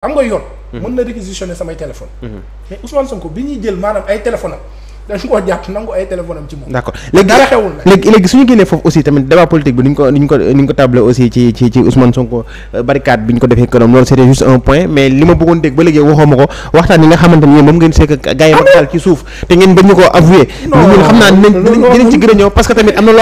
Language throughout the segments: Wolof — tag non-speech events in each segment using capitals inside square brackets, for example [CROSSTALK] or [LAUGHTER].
xam nga yoon. Mhm. mën na réquisitionner samay téléphone mhm. mais Ousmane Sonko bi ñuy jël maanaam ay téléphone am léegi léegi suñu génnee foofu aussi tamit débat politique bi ni ko ni aussi ci ci Sonko euh, barricade bi ñu ko defee këram loolu c' juste un point mais li ma bëggoon dégg ba léegi waxoo ko waxtaan yi nga xamante ni moom ngeen sekk gars yi waxtaan ah, ci suuf te ngeen bañ ñu ko avoué xam naa dinañ dinañ ci gën a ñëw parce que tamit am na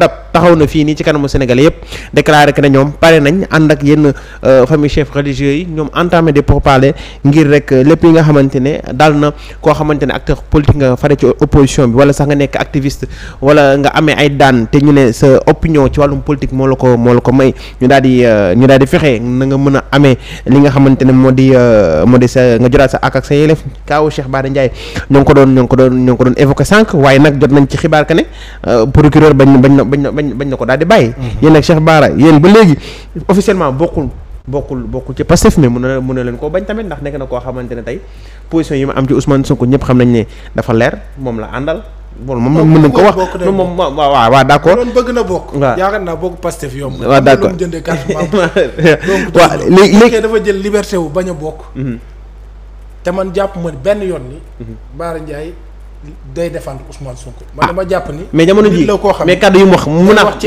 loo taxaw na fii nii ci kanamu Sénégal yëpp déclaré que ne ñoom pare nañ ànd ak yenn euh, famille chef religieux yi ñoom entamé des pourparlers ngir rek euh, lépp yi nga xamante ne daal na koo xamante ne ak politique nga fare ci opposition bi wala sax nga nekk activiste wala nga ame ay daan te ñu ne sa opinion ci wàllum politique moo la ko moo la ko may ñu daal di euh, ñu daal di fexe na nga mën a amee li nga xamante ne moo di moo di sa nga jotaat sa ak ak sa yelef kaaw Cheikh Bara Ndiaye ñoo ko doon ñoo ngi ko doon ñoo ngi waaye nag jot nañ ci xibaar que bañ bañ na ko daal di bàyyi. Mhm. yéen nag Cheikh Bara yéen ba léegi officiellement bokkul. bokkul bokkul ci Pastef mais mun na mun na leen koo bañ tamit ndax nekk na koo xamante ne tey position yi ma am ci Ousmane Sonko ñëpp xam nañ ne dafa leer moom la àndal. bon moom mën nañ moom waaw waaw loolu bëgg na bokk. waaw léegi [LAUGHS] léegi dafa jël liberté wu a bokk. Mhm. te man jàpp ma benn yoon ni. Mhm. Bara day défendre Ousmane Sonko. man dama jàpp ni. mais jamono jii la koo xam mais kàddu yu wax mun a wax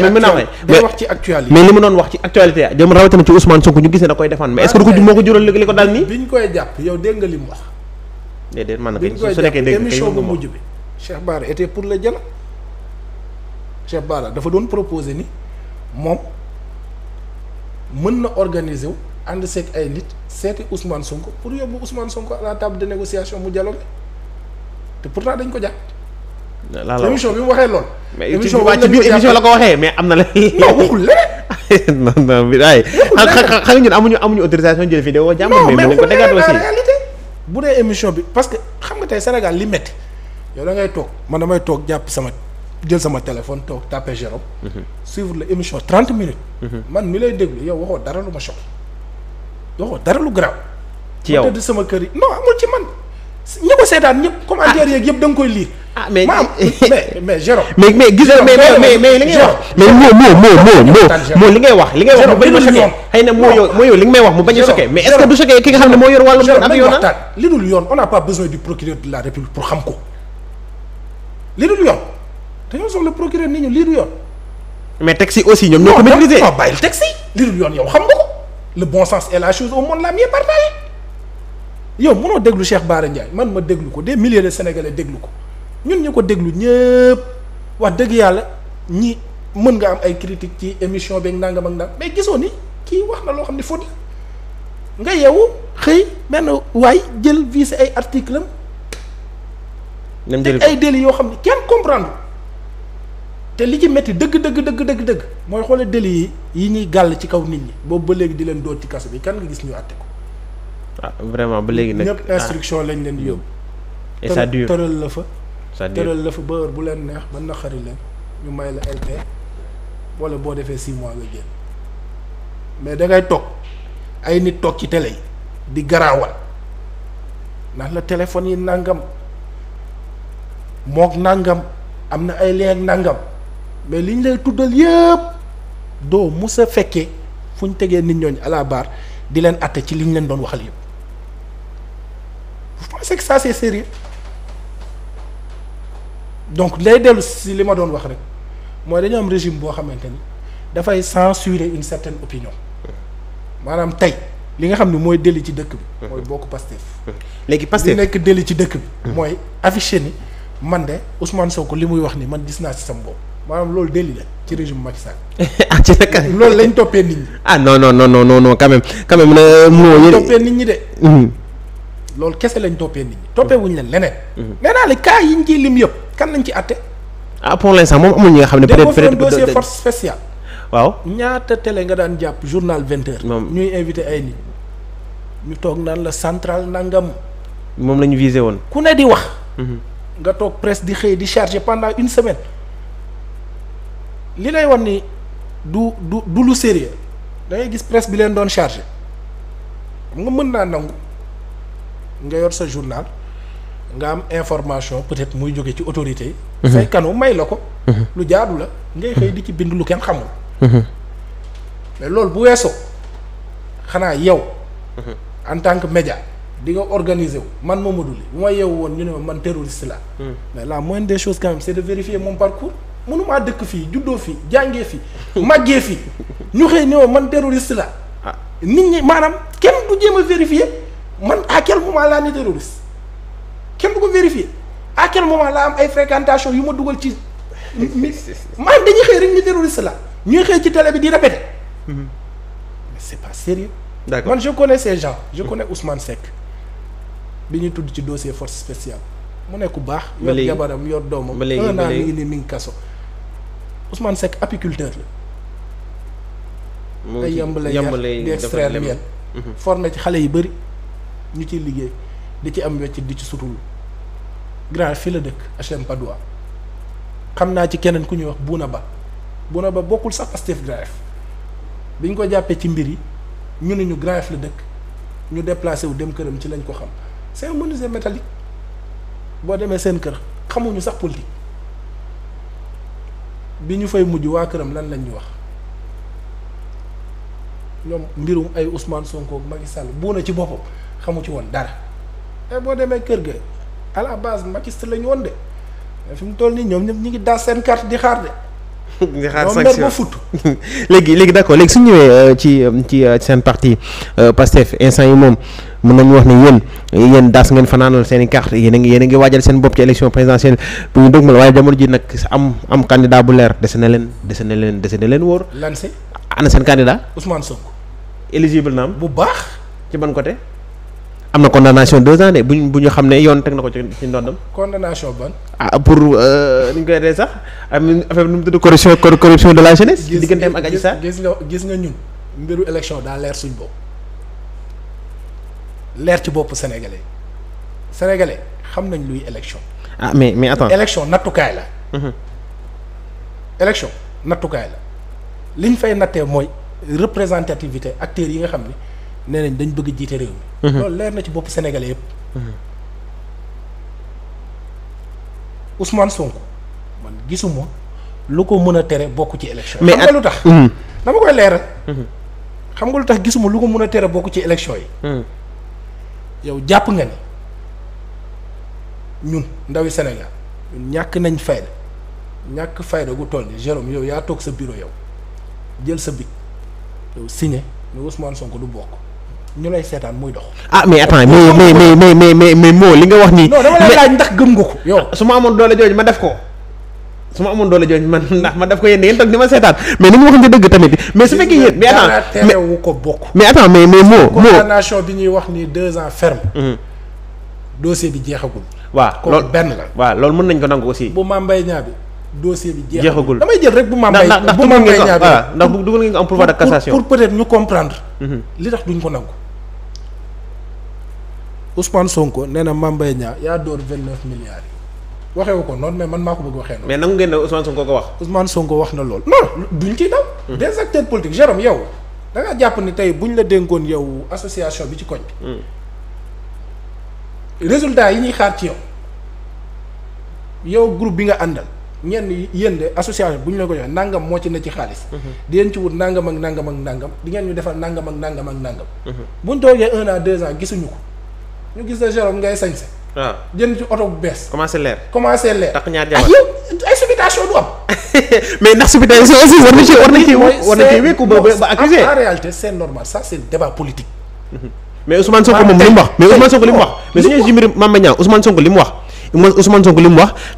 ci actualité mais li mu doon wax ci actualité jëm rawatina ci Ousmane Sonko koy défendre mais est-ce ko ah, moo ko jural li ko mu man nag su nekkee dégg émission bu mujj bi Cheikh Bara était pour le dialogue Cheikh Bara dafa doon proposer ni moom mën na organiser wu ànd seeg ay nit seeti Ousmane Sonko pour yóbbu Ousmane Sonko à la table de négociation mu dialogue te pourtant dañ ko jàpp. la émission bi mu waxee lool. émission ci biir émission la ko waxee mais am na la. non waxul leneen. [LAUGHS] non non bi amuñu amuñu autorisation jël vidéo jàmm. mais ko déggaat bu dee émission bi parce que xam nga tey Sénégal li métti yow da ngay toog man damay toog jàpp sama jël sama téléphone toog tapé Jérôme. Mhm. suivre la émission 30 minutes. Mhm. man mi lay déglu yow waxoo dara lu ma choc waxoo dara lu garaaw. ci yow ma sama kër yi non amul ci man. ñi ko seetaan ñëpp commentaire ah. yeeg yëpp da nga koy lire. ah mais eh, eh. mais mais Jérôme. mais mais gis nga mais mais mais li ngay wax. mais moo moo moo moo moo li ngay wax li ngay wax mu bañ a choqué. xëy na moo yow moo yow li nga may wax mu bañ a choqué. mais est-ce que du choqué ki nga xam ne moo yor wàllum yoon ak yoon ah. li dul yoon on n'a pas besoin du procureur de la République pour xam ko li dul yoon dañoo soxla procureur nit ñu li dul yoon. mais taxi aussi ñoom ñoo ko maîtriser. non non bàyyil taxi li dul yoon yow xam nga ko le bon sens est la chose au monde la mieux partagée yow mënoo déglu Cheikh Bara Ndiaye man ma déglu ko des milliers de sénégalais déglu ko ñun ñu ko déglu ñëpp wax dëgg yàlla ñi mën nga am ay critique ci émission beeg nangam ak nangam mais gisoo ni kii wax na loo xam ne faute la nga yeewu xëy benn waay jël visé ay article am ay délits yoo xam ne kenn comprendre te li ci métti dëgg dëgg dëgg dëgg dëgg mooy xoole délits yi yi ñuy gàll ci kaw nit ñi boobu ba léegi di leen doot ci kaso bi kan nga gis ñu àtte ah vraiment ba léegi nag. ñëpp ah. instruction lañ leen di yóbbu. et ça dure tëral la fa. ça dure tëral la fa ba heure bu leen neex ba naqari leen ñu may la LP wala boo defee six mois nga génn mais da toog ay nit toog ci télé di garaawal ndax la téléphone yi nangam mook nangam am na ay leeg nangam mais liñ lay tuddal yëpp doo mus a fekkee fu ñu tegee nit ñooñu à la baar di leen àtte ci li ñu leen doon waxal yëpp. c'est que ça c'est sérieux donc lay dellu si li ma doon wax rek mooy dañu am régime boo xamante ni dafay censurer une certaine opinion maanaam tey li nga xam ni mooy delli ci dëkk bi mooy bokk Pastef léegi Pastef li nekk délit ci dëkk bi mooy affiché ni man de Ousmane Sonko li muy wax ni man gis naa si sama bopp maanaam loolu délit la ci régime Macky Sall [LAUGHS] ah ci naka loolu lañ toppee nit ñi ah non non non non non non quand même moo yéen toppee nit ñi de mm-hmm. loolu kese lañ toppee nit ñi toppee wuñ leen leneen. nee mhm. naa yi ñu ciy lim yëpp kan lañ ci àtte. ah pour l'instant moom amul ñi nga xam ne. peut-être peut-être dossier force spéciale. waaw ñaata tele nga daan jàpp journal 20h. ñuy invité ay nit ñu toog naan la centrale nangam. moom la ñu visé woon. ku ne di wax. Mhm. nga toog presse di xëy di chargé pendant une semaine li lay wan ni du du du lu sérieux da ngay gis presse bi leen doon chargé xam nga mën naa nangu. nga yor sa journal nga am information peut-être muy jóge ci autorité yi mhm. say kanu may la ko mhm. lu jaadu la ngay xëy mhm. di ci bind lu kenn xamul mais loolu bu weesoo xanaa yow en tant que média di nga organiser wu man Mamadou Ly bu ma yow woon ñu ne ma man terroriste la mais la moindre des choses quand même c'est de vérifier mon parcours mënumaa dëkk fii juddoo fii jàngee fii màggee fii ñu xëy ne ma man terroriste la ah. nit ñi maanaam kenn du jéem a vérifier man à quel moment laa ni terroriste kenn du ko vérifier à quel moment laa am ay fréquentation yu ma dugal ci man dañuy xëy rek ñu terroriste la ñuy xëy ci tele bi di répéter mhm. mais c'est pas sérieux d'accord man je connais ces gens je connais Ousmane Seck bi ñu tudd ci dossier force spéciale mu nekk bu baax yor jabaram yor doomam un an mi ngi ni mi ngi kaso Ousmane Seck apiculteur la ay yamb lay def di extraire miel formé ci xale yi bëri ñu ciy liggéey di ci am wecc di ci sutul grand fii la dëkk HLM Padoua xam naa ci keneen ku ñuy wax Bouna Ba Bouna Ba bokkul sax Pastef Grand biñ ko jàppee ci mbir yi ñu ne ñu Grand la dëkk ñu déplacé wu dem këram ci lañ ko xam seen un menuisier boo demee seen kër xamuñu sax politique bi ñu fay mujj waa këram lan lañ ñu wax ñoom mbirum ay Ousmane Sonko ak Macky Sall Bouna ci boppam. xamu ci woon dara et eh, boo demee kër ga à la base makiste lañu woon de fi mu toll nii ñoom ñu ngi daas seen carte di xaar de. [LAUGHS] di xaar sanction ba fut. [LAUGHS] léegi léegi d'accord léegi su ñëwee euh, ci euh, ci euh, seen parti Pastef instant yi moom mën nañu wax ne yéen yéen daas ngeen fanaanal seen i carte yéen ngi yéen ngi waajal seen bopp ci élection présidentielle bu ñu dëgmal waaye jamono ji nag am am candidat bu leer dese na leen dese na leen dese na leen wóor. lan si ana seen candidat. Ousmane Sonko. éligible naam bu baax. ci ban côté. am na condamnation deux ans de bu ñu bu ñu xam ne yoon teg na ko ci ci ndondam. condamnation ban. ah pour euh, nu ñu koy dee sax am affaire nu mu tudd corruption corruption de la jeunesse. gis digganteem ak gis nga gis nga ñun mbiru élection daa leer suñ bopp leer ci bopp sénégalais sénégalais xam nañ luy élection. ah mais mais attends élection nattukaay la. Mhm. élection nattukaay la liñ fay nattee mooy représentativité acteurs yi nga xam ne. nee nañ dañ bëgg jiite réew mi. Mhm. loolu leer na ci bopp Sénégalais yëpp. Mhm. Ousmane Sonko man gisuma lu ko mën a tere bokk ci élection mais xam nga lu tax. Mhm. dama koy leeral. xam nga lu tax gisuma lu ko mën a tere bokk ci élection yi. yow jàpp nga ni ñun ndawi Sénégal ñàkk nañ fayda ñàkk fayda gu toll nii Jérôme yow yaa toog sa bureau yow jël sa bic yow signé ne Ousmane Sonko du bokk. ñu lay seetaan muy dox. ah mais attends mais mais mais mais mais mais moo li nga wax nii. non dama lay laaj ndax gëm nga ko yow. Ah, su ma amoon doole jooju ma def ko su ma amoon doole jooju man ndax ma def ko yéen da ngeen toog di ma seetaan mais ni mu waxante dëgg tamit mais su fekkee yéen. mais attends mais wu ko bokk. mais attends mais mais moo. moo condamnation bi ñuy wax nii deux ans ferme. Mm-hmm. dossier bi jeexagul. waaw loolu benn la. waaw loolu mën nañ ko nangu aussi. bu Mame Mbaye Niang bi dossier bi jeexagul damay jël rek bu Mame Mbaye ndax ndax bu Mame Mbaye Niang bi ndax dugal ngeen ko am pouvoir de cassation pour peut-être ñu comprendre. Mm-hmm. li tax duñ ko nangu. Ousmane Sonko nee na Mame Mbaye Niang yaa dóor vingt neuf milliards yi waxewu ko noonu mais man maa ko bëgg waxee noonu. mais na ngeen ne Ousmane Sonko ko wax. Ousmane Sonko wax na lool. non duñ ciy daw. Hmm. des acteurs politiques Jérôme yow da ngaa jàpp ni bu ñu la dénkoon yow association bi ci koñ. Hmm. résultat yi ñuy xaar ci yow yow groupe bi nga àndal ñenn yéen de association bu ñu la ko joxee nangam moo ci ne ci xaalis. Hmm. di ngeen ci wut nangam ak nangam ak ndangam di ngeen ñu defal nangam ak nangam ak nangam. buñ toogee un an gisuñu ko. ñu gis la Jérôme ngay sañse waaw ah. jënd ci oto bu bees. commencé leer commencé leer. takk ñaar ah, jabar ay subitation du am. [LAUGHS] mais ndax subitation aussi war na ci war na ci war na ci wékku ba ba accusé. mais Ousmane Sonko ah, moom li mu wax mais Ousmane Sonko li mu wax. mais su ñuy jimri li mu wax. Ousmane Sonko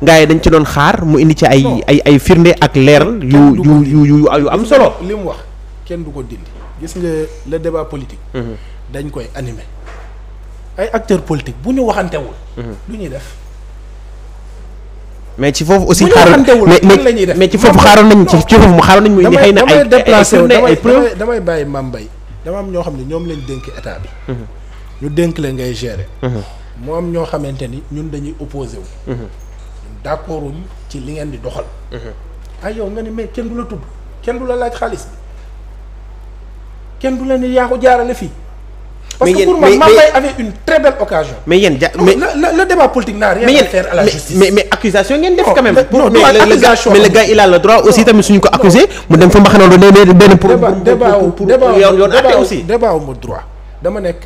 dañ ci doon xaar mu indi ci ay ay ay firnde ak leeral yu yu yu yu yu am solo. li mu wax kenn du ko dindi. gis nga le débat politique. Mhm. dañ koy animer. ay acteur politiques bu ñu waxantewul. Mhm. lu ñuy def. mais ci foofu aussi. xaaroon mais mais ci foofu xaaroon nañ ci foofu mu xaaroon nañ muy indi xëy na ay ay damay damay bàyyi Mame Mbaye dama am ñoo xam ne ñoom lañ dénk état bi. Mhm. ñu dénk leen ngay gérer. mu mhm. am ñoo xamante ni ñun dañuy opposé wu. d'accord wuñ ci li ngeen di doxal. ay yow nga ni mais kenn du la tudd kenn du la laaj xaalis bi kenn du la ni yaa ko jaarale fii. parce que pour moi Mame Mbaye avait une mais mais mais mais accusation ngeen def quand mais le gars il a le droit aussi tamit suñu ko accusé mu dem fa ma xanaa doon benn pour débat pour yoon atte aussi débat wu droit dama nekk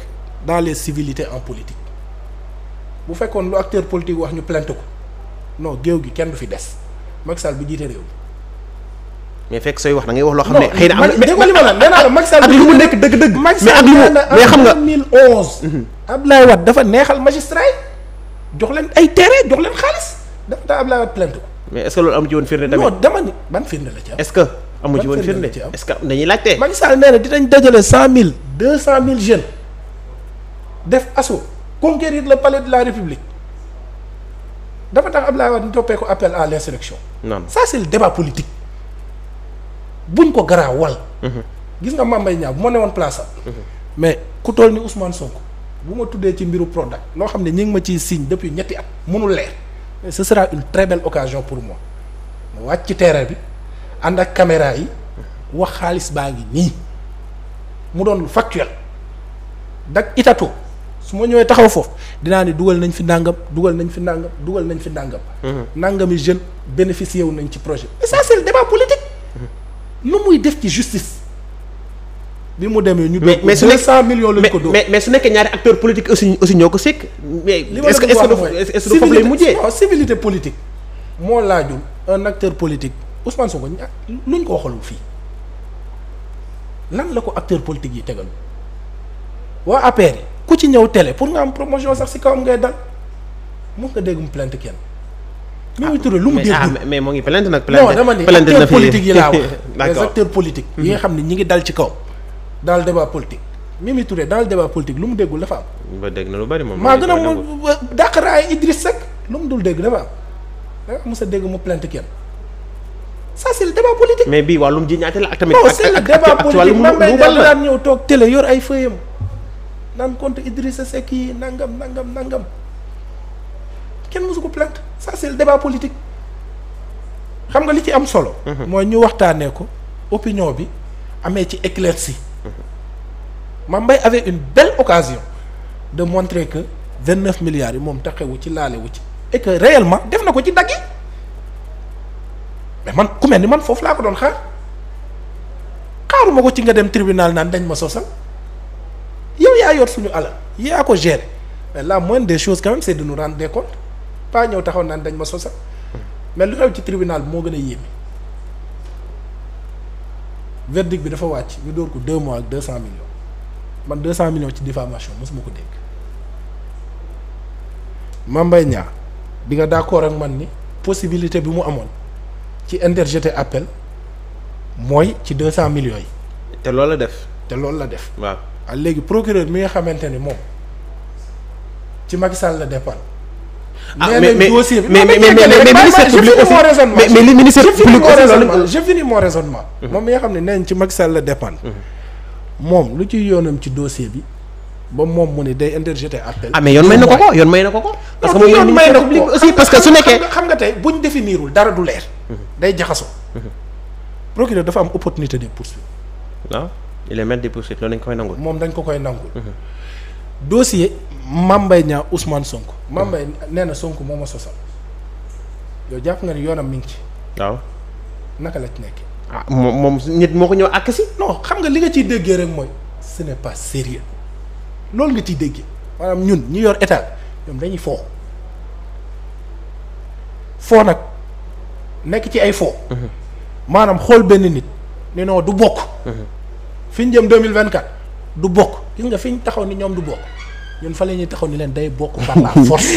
dans les civilités en politique bu fekkoon lu acteur politique wax ñu plainte ko non géew gi kenn du fi des Macky Sall bu jiite réew mi mais fekk sooy wax da ngay wax loo xam ne. xëy na am na mais ak li mu nekk dëgg dëgg. mais ak li mu mais xam nga 2011. Mhm. Abdoulaye Wade dafa neexal magistrat yi jox leen ay terrain jox leen xaalis dafa daa Abdoulaye Wade plainte ko. mais est ce que loolu amu ci woon firnde tamit. non dama ni ban firnde la ci am. est ce que amu ci woon firnde est ce que dañuy laajte. Macky Sall nee na dinañ dajale cent mille deux cent mille jeunes def assaut conquérir le palais de la république dafa tax Abdoulaye Wade ñu toppee ko appel à l' insurrection. non ça c' est le débat politique. buñ ko garaawal. Mhm. gis nga Mame Mbaye Niang bu ma ne woon am. Mhm. mais ku toll ni Ousmane Sonko bu ma tuddee ci mbiru Prodac loo xam ne ñi ngi ma ci signe depuis ñetti at mënul leer ce sera une très belle occasion pour moi ma wàcc ci terrain bi ànd ak caméra yi wax xaalis baa ngi nii mu doon factuel dak itato su ma ñëwee taxaw foofu dinaa ni dugal nañ fi nàngam dugal nañ fi nàngam dugal nañ fi nàngam. Mhm. nàngami jeune bénéficié wu nañ ci projet mais ça c'est le nu muy def ci justice. bi mu demee ñu doon mais su nekk 200 millions lañ ko doon mais su nekkee ñaari acteurs politiques aussi aussi ñoo ko sekk. mais est-ce que est-ce que foofu lay politique moo laajul un acteur politique Ousmane Sonko ña ko fii lan la ko acteur politique yi tegal waa ku ci ñëw télé pour nga am promotion sax si kawam ngay dal mun nga dégg mu plainte kenn. Mimi Touré lu mu dégg mais moo ngi plant nag plainte dama ne acteurs politiques yi laa wax [LAUGHS] les acteurs politiques mhm. yi nga xam ngi dal ci kaw dans le débat politique Mimi Touré dans le débat lu mu déggul dafa am ba dégg na lu bari moom maa gën a mu dàq raay Idriss lu mu dul dégg dafa am danga ah, mos a dégg mu plainte kenn ça c'est le débat politique mais bii wàllum ji ñaate la ak tamit non c'est le débat politique mam bay dal daan ñëw toog télé yor ay fëyam naan compte Idrissa Seck yi nangam nangam nangam kenn mosu ko a ça c'est le débat politique xam nga li ci am solo. Mhm. mooy ñu waxtaanee ko opinion bi amee ci éclairci ma mbay avait une belle occasion de montre que vingt neuf milliards yi moom taxewu ci laalewu ci et que réellement def na ko ci dagg mais man ku mel ni man foofu laa ko doon xaar xaaruma ko ci nga dem tribunal naan dañ ma sosal yow yaa yor suñu alal yaa ko gérer mais la moindre des choses quand même c'est de nous rendre des comptes pas ñëw taxaw naan dañ ma sosa mais lu xew ci tribunal bi moo gën a yéeme verdict bi dafa wàcc ñu dóor ko deux mois ak deux cent millions man deux cent millions ci diffamation mosuma ko dégg Mame Mbaye Niang nga d'accord ak man ni possibilité bi mu amoon ci interjeté appel mooy ci deux cent millions yi. te loolu la def. te loolu la def. waaw léegi procureur mi nga xamante ni moom ci Macky Sall la dépend ah mais mais mais mais ministère public aussi mais mais li ministère public aussi je finis mon raisonnement mm-hmm. moom mi nga xam ne neen ci Macky Sall la dépendre mm-hmm. moom lu ci yoonam ci dossier bi ba moom mu ne day interjeter appel ah mais yoon may na ko ko yoon may na ko ko parce que yoon may na ko aussi parce que su nekkee xam nga tey buñ définirul dara du leer mm-hmm. day jaxaso procureur dafa am opportunité de poursuivre waaw il est maître des poursuites loolu dañ ko koy nangul moom dañ ko koy nangul dossier Mame Mbaye Niang Ousmane Sonko. Mame Mbaye nee na Sonko moo ma sosal yow jàpp nga ni yoonam mi ngi ci. waaw naka la ci nekk. ah moom moom nit moo ko ñëw àkk si. non xam nga li nga ciy déggee rek mooy ce n'est pas sérieux loolu nga ciy déggee maanaam ñun ñu yor état ñoom dañuy foo foo nag nekk ci ay foo. Mhm. maanaam xool benn nit ni non du bokk. Mhm. fi ñu jëm deux mille vingt quatre du bokk gis nga fi ñu taxaw ni ñoom du bokk ñun fa la ñuy taxaw ni leen day bokk par la force